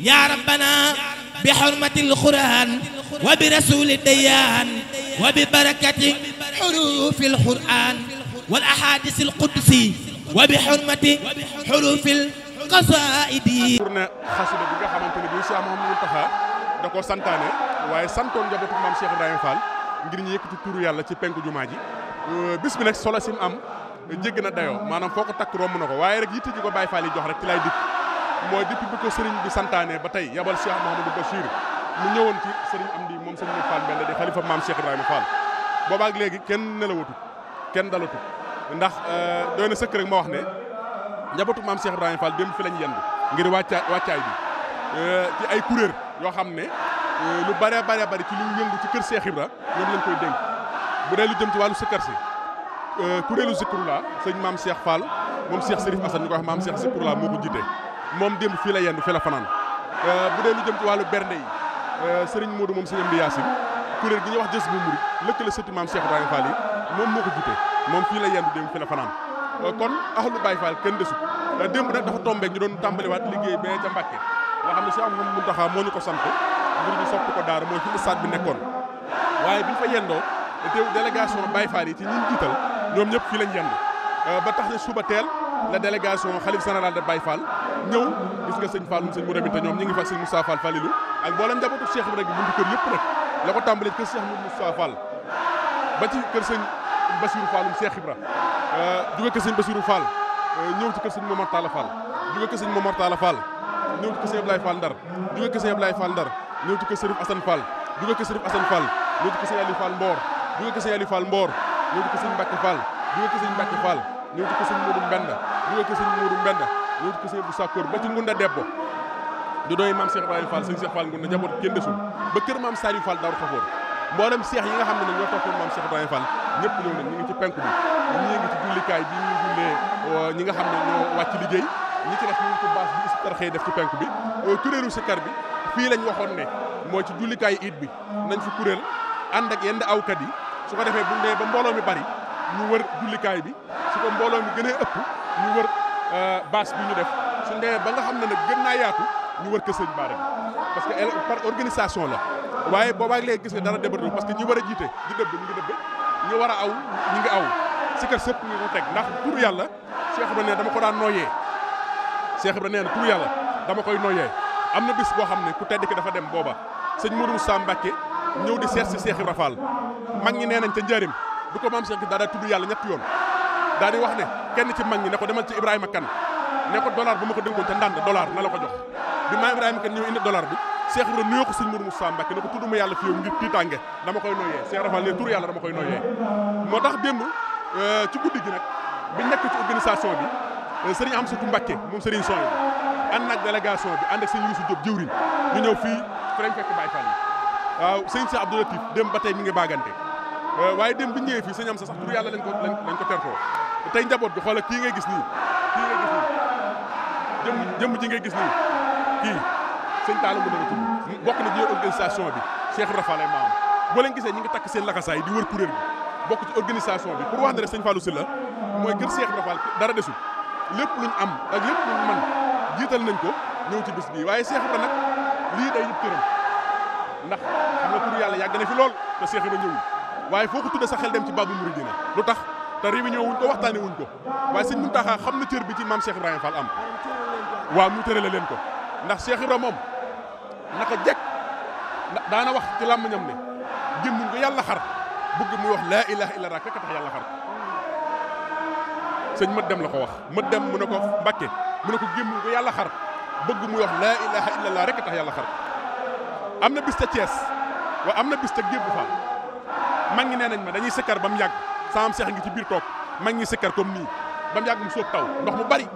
yaa rabbana bi xormatil quraan wa bi rasuuli dayaan wa bi barakati xuruufil quraan wal axaadiisil qudsi wa bi xormati xuruufil qasaa'idi. tournée xasida bi nga xamante ne bii Cheikh Mouhamadou da koo santaane waaye santoon njabootu maam seex Ibrahima Fall ngir ñu yëkkati turu yàlla ci penku jumaa ji euh, bis bi nag solo si mu am jégg na dayoo maanaam foo ko takk romb na ko waaye rek yitte ji ko Baay Faal yi jox rek ci lay dikk. mooy depuis bu ko sëriñ bi santaane ba tey yabal Cheikh Mouhamadou Bachir mu ñëwoon ci sëriñ di moom sëriñ Mor Fall Mbende di xalifa maam Cheikh Ibrahima Fall boobaak léegi kenn nelawatu kenn dalatu ndax euh, doy na sëkk rek ma wax ne njabootu maam seex Ibrahima Fall dem fi lañ yendu ngir wàccaay wàccaay bi euh, ci ay kuréel yoo xam ne euh, lu bare bare bari ci lu yëngu ci kër Cheikh Ibra ñoom lañ koy dénk bu dee lu jëm ti ci wàllu sëkkër si kuréelu Zikroulah sëñ maam Cheikh Fall moom Cheikh Serif Assane ñu ko wax maam Cheikh Zikroulah moo ko jiite moom démb fii la yendu fii la fanaan euh, bu dee lu jëm ci wàllu bernde yi euh, Serigne Modou moom Serigne Amdi Yacine kuréel gi ñu wax jës bu murid lëkkale sëti maam Cheikh Ibrahima Fall yi moom moo ko jute moom fii la yendu démb fii la fanaan euh, kon ahlu Baye Fall kenn desu démb nag dafa tombé ñu doon tàmbaliwaat liggéey bee ca Mbàkke nga xam ne Cheikh Mouhamadou Mountakha moo ñu ko sant ngir ñu sopp ko daara mooy fi stade bi nekkoon waaye biñ fa yendoo teew délégation Baye yi ci ñi jiital ñoom fii lañ yendu ba tax ne suba teel la délégation xalif général de Baye Fall ñëw gis nga sëñ Falloum sëñ Mourabita ñoom ñu ngi fa sëñ Moussa Fall Falilou ak mboolem njabootu Cheikh Ibrahima rek buntu kër yëpp rek la ko tàmbalee kër Cheikh Moussa Fall ba ci kër sëñ Bassirou Falloum Cheikh Ibra jóge kër sëñ Bassirou Fall ñëw ci kër sëñ Momar Talla Fall jóge kër sëñ Momar Talla Fall ñëw ci kër sëñ Ablaye Fall Ndar jóge kër sëñ Ablaye Fall Ndar ñëw ci kër sëriñ Assane Fall Mboor jóge kër sëñ Aliou Fall jóge ko sëñ Mourou Mbenda ñëw ko sëñ bu Sakkoor ba ci Ngunda Debbo du doy maam Cheikh Ibrahima Fall sëñ Cheikh Fall Ngunda njaboot kenn ba kër maam Saliou Fall Daaru Xafoor mboolem seex yi nga xam ne ne ñoo toppoon maam Cheikh Ibrahima Fall ñëpp ñëw nañ ñu ngi ci penku bi ñii ngi ci jullikaay bi ñuy jullee euh, ñi nga xam ne ñoo wàcc liggéey ñi ci def ñu ngi baas bi si def ci penku bi euh, kuréelu sikar bi fii lañ waxoon ne mooy ci jullikaayu iid bi nañ fi kuréel ànd ak yenn awkat yi su ko defee bu ñu ba mbooloo mi bari ñu wër jullikaay bi su ko mbooloo mi gën a ñu wër euh, bâche bi ñu def suñ nee ba nga xam ne nag gën naa yaatu ñu wër ko sëñ Bara parce que par organisation la waaye boobaag léegi gis nga dara débër parce que ñu war a jiite di dëbb ñu ngi dëbb ñu war a aw ñu ngi aw si kër sëpp ñu ko teg ndax tur yàlla Cheikh Ibra nee dama ko daan nooyee Cheikh Ibra nee na tur yàlla dama koy nooyee am na bis boo xam ne ku tedd ki dafa dem booba sëñ Modou Moussa Mbacke ñëw di seet si Cheikh Ibra Fall mag ñi nee nañ ca njëriñ du ko maam Cheikh daa daa yàlla ñetti yoon daa di wax kenn ci mag ñi ne ko demal ci Ibrahima Kane ne ko dollar ba ma ko dénkoon ca ndànd dollar na la ko jox bi maa Ibrahima Kane ñëw indi dollar bi Cheikh Ibra nuyoo ko sëñ Mourou Moussa Mbacke ne ko tudduma yàlla fi yow ngir tiitaange dama koy nooyee Cheikh Rafal ne tur yàlla dama koy nooyee moo tax démb euh, ci guddi gi nag biñ nekk ci organisation bi euh, sëriñ Amsatou Mbacke moom sëriñ Sonia ànd ak délégation bi ànd ak sëñ Youssou Diop jëwriñ ñu ñëw fii fren fekk Baye Fall yi waaw sëñ Cheikh Abdou Latif démb ba tey mi ngi baagante euh, waaye démb bi ñëwee fii yàlla lañ ko lañ ko tertoo tey njaboot bi xoolal kii ngay gis nii kii ngay gis nii jëmm jëmm ji ngay gis nii kii sëñ Talla Ngoune la bokk na ci organisation bi Cheikh Ibra Fall ay boo leen gisee ñu ngi takk seen laxasaay di wër kuréel bi bokk ci organisation bi pour wax ne rek sëñ Fallou Sylla mooy kër Cheikh Ibra Fall dara desul lépp luñ am ak lépp luñ mën jiital nañ ko ñëw ci bis bii waaye Cheikh Ibra lii day yëpp këram ndax xam nga yàlla yàgg na fi lool te Cheikh na ñëwul waaye foo ko tuddee sa xel dem ci Babou Mouridina te réunion wuñ ko waxtaane wuñ ko waaye sëñ Muntaxa xam na cër bi ci maam Cheikh Ibrahima Fall am waaw mu tërale leen ko ndax Cheikh Ibrahima moom naka jekk daana wax ci làmmiñam ne jëmmuñ ko yàlla xar bëgg mu wax laa ilaha illa rek tax yàlla xar sëñ mët dem la ko wax mët dem mu ne ko Mbàkke mu ne ko jëmmuñ ko yàlla xar bëgg mu wax laa ilaha illa laa rek tax yàlla xar am na bis ta Thiès waaw am na bis ta Gébu Fall maa ngi nee nañ ma dañuy sëkkar ba mu yàgg saam seex ngi ci biir toog mag ngi sikkar comme nii ba mu yàgg mu sóob taw ndox mu bari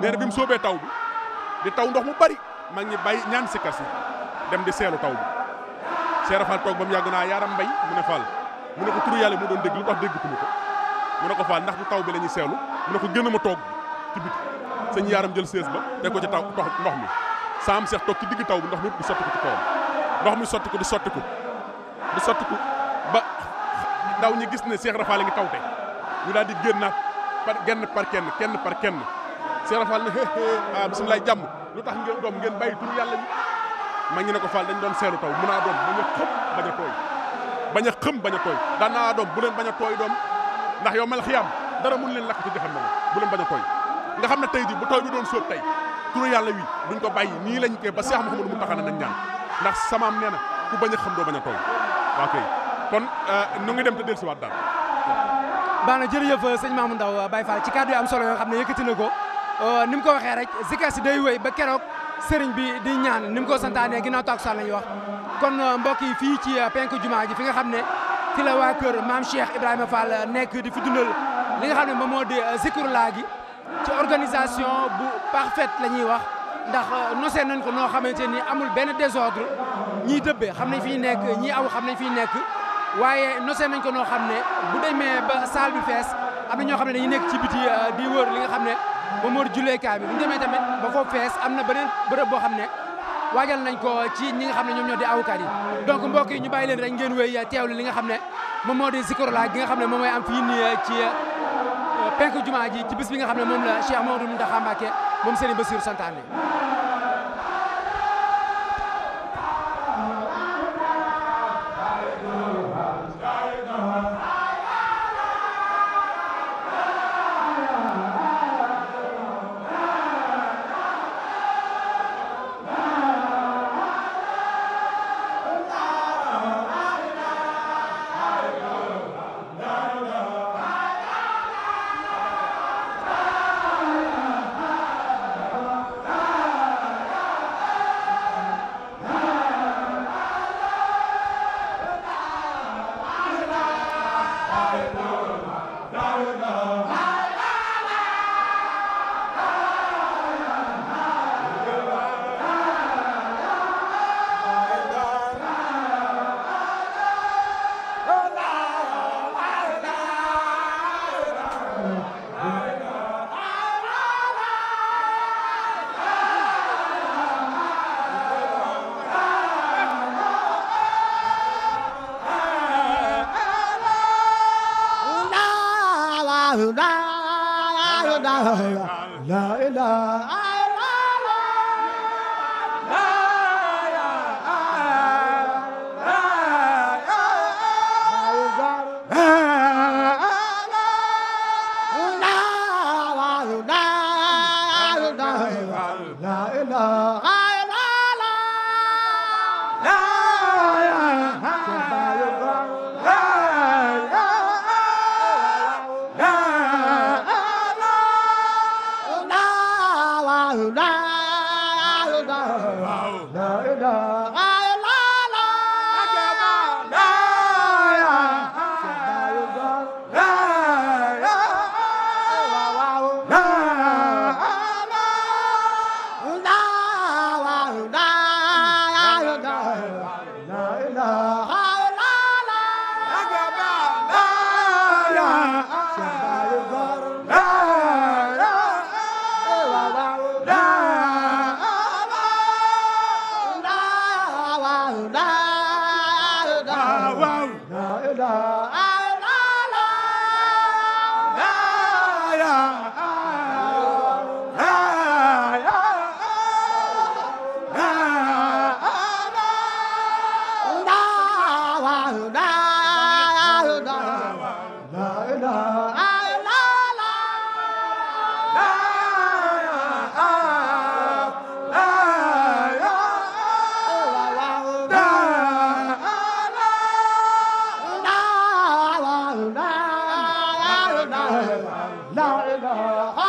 nee bi mu sóobee taw bi di taw ndox mu bari mag ngi bay ñaan sikkar si dem di seelu taw bi seera Fall toog ba mu yàgg naa yaaram mbay mu ne Fall mu ne ko turu yàlla mu doon dégg lu tax déggtuma ko mu ne ko Fall ndax mu taw bi la ñuy seelu mu ne ko gën a ma toog ci biti sëñ yaaram jël sées ba teg ko ci taw ndox mi saam seex toog ci digg taw bi ndox mi di sotti ko ndox mi sotti ko di sotti ndaw ñi gis ne Cheikh Ibra Fall a ngi tawte ñu daal di génnaat par genn par kenn kenn par kenn Cheikh Ibra Fall ne ah, jàmm lu tax ngeen doom ngeen bàyyi tur yàlla bi ma ne ko fal dañ doon seelu taw mun naa doom bañ a xëm bañ a tooy bañ a xëm bañ a tooy daan naa doom bu leen bañ a tooy doom ndax yow mel am dara mun leen lakk ci jaxam bu leen bañ a tooy nga xam ne tey ji bu tooy bi doon sóob tey turu yàlla wi duñ ko bàyyi nii lañ koy ba seex Mouhamadou mu taxana nañ ñaan ndax samaam nee ku bañ a xam doo bañ a tooy kon euh, nu ngi dem te dellusiwaat daal. baax na jërëjëf euh, sëñ Mamour Ndao Baye Fall ci kàddu yi am solo yoo xam ne yëkkati na ko euh, ni mu ko waxee rek zikar si day wéy ba keroog sëriñ bi di ñaan ni mu ko santaane ginnaaw takkusaan la ñuy wax. kon mbokk yi fii ci penku jumaa ji fi nga xam ne fi la waa kër maam Cheikh Ibrahima Fall nekk di fi dundal li xam ne moom moo di zikrulaa gi ci organisation bu parfaite la ñuy wax ndax nosee nañ ko noo xamante ni amul benn désordre ñiy dëbbee xam nañ fi nekk ñi aw xam nañ fi nekk. waaye nosee nañ ko noo xam ne bu demee ba salle bi fees am na ñoo xam ne dañuy nekk ci biti euh, di wër li nga xam ne ba moor julleekaay bi bu ñu demee tamit ba foofu fees am na beneen bërëb boo xam ne waajal nañ ko ci ñi nga xam ne ñoom ñoo di awukat yi donc mbokk yi ñu bàyyi leen rek ngeen wéy euh, teewlu li nga xam ne moom moo di Zikroulahi gi nga xam ne moom mooy am fii nii euh, ci penku jumaa ji ci bis nga xam ne moom la Cheikh Mamadou Mountakha Mbacké moom Serigne Bassirou santaane la la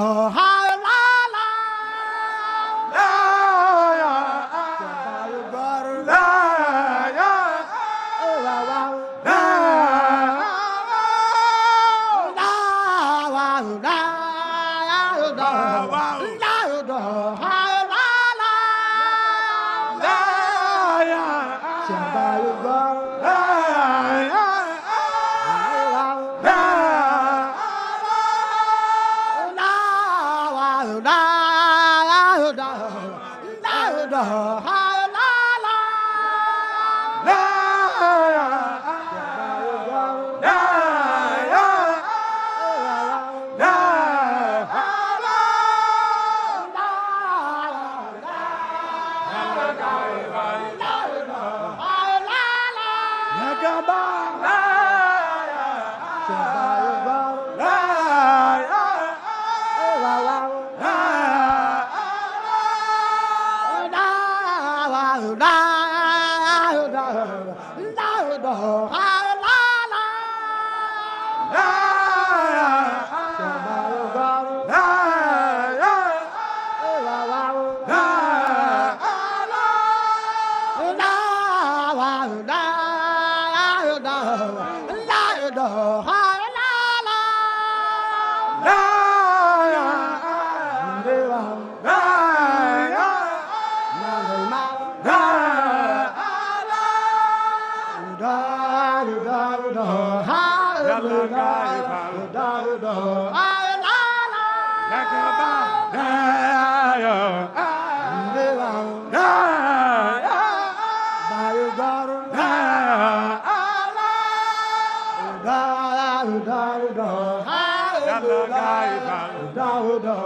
Oh, रहा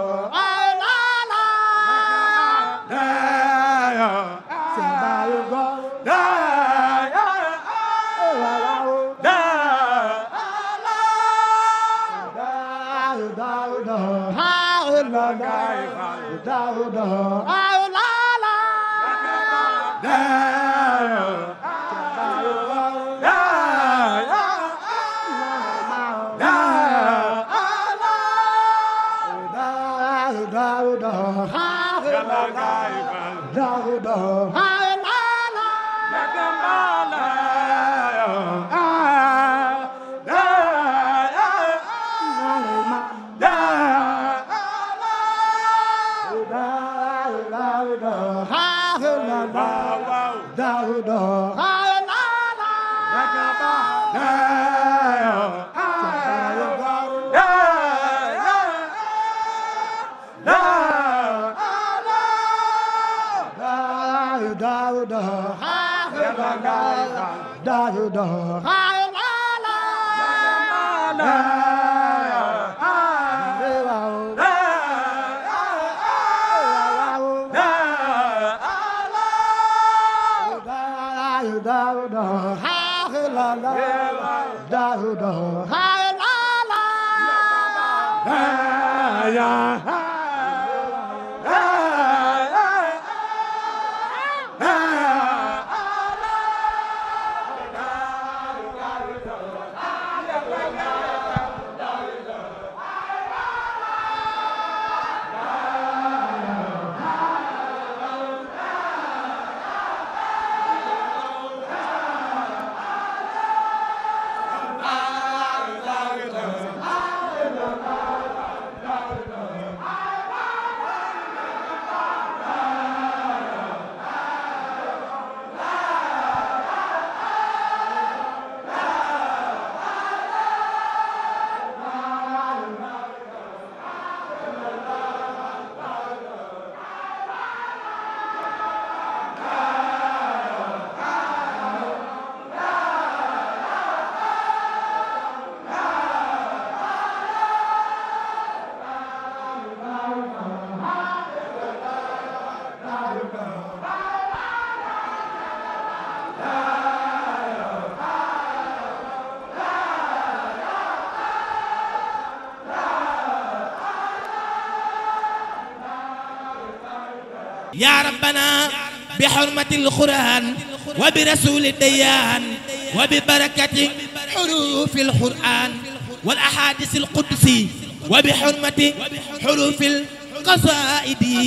a la داود خاخ داود خاخ لا لا yaa rabbana bi xurmatil quraan wa bi rasuuli dayaan wa bi barakati xuruufil quraan wal axaadiisil qudsi wa bi xurmati xuruufil qasaa'idi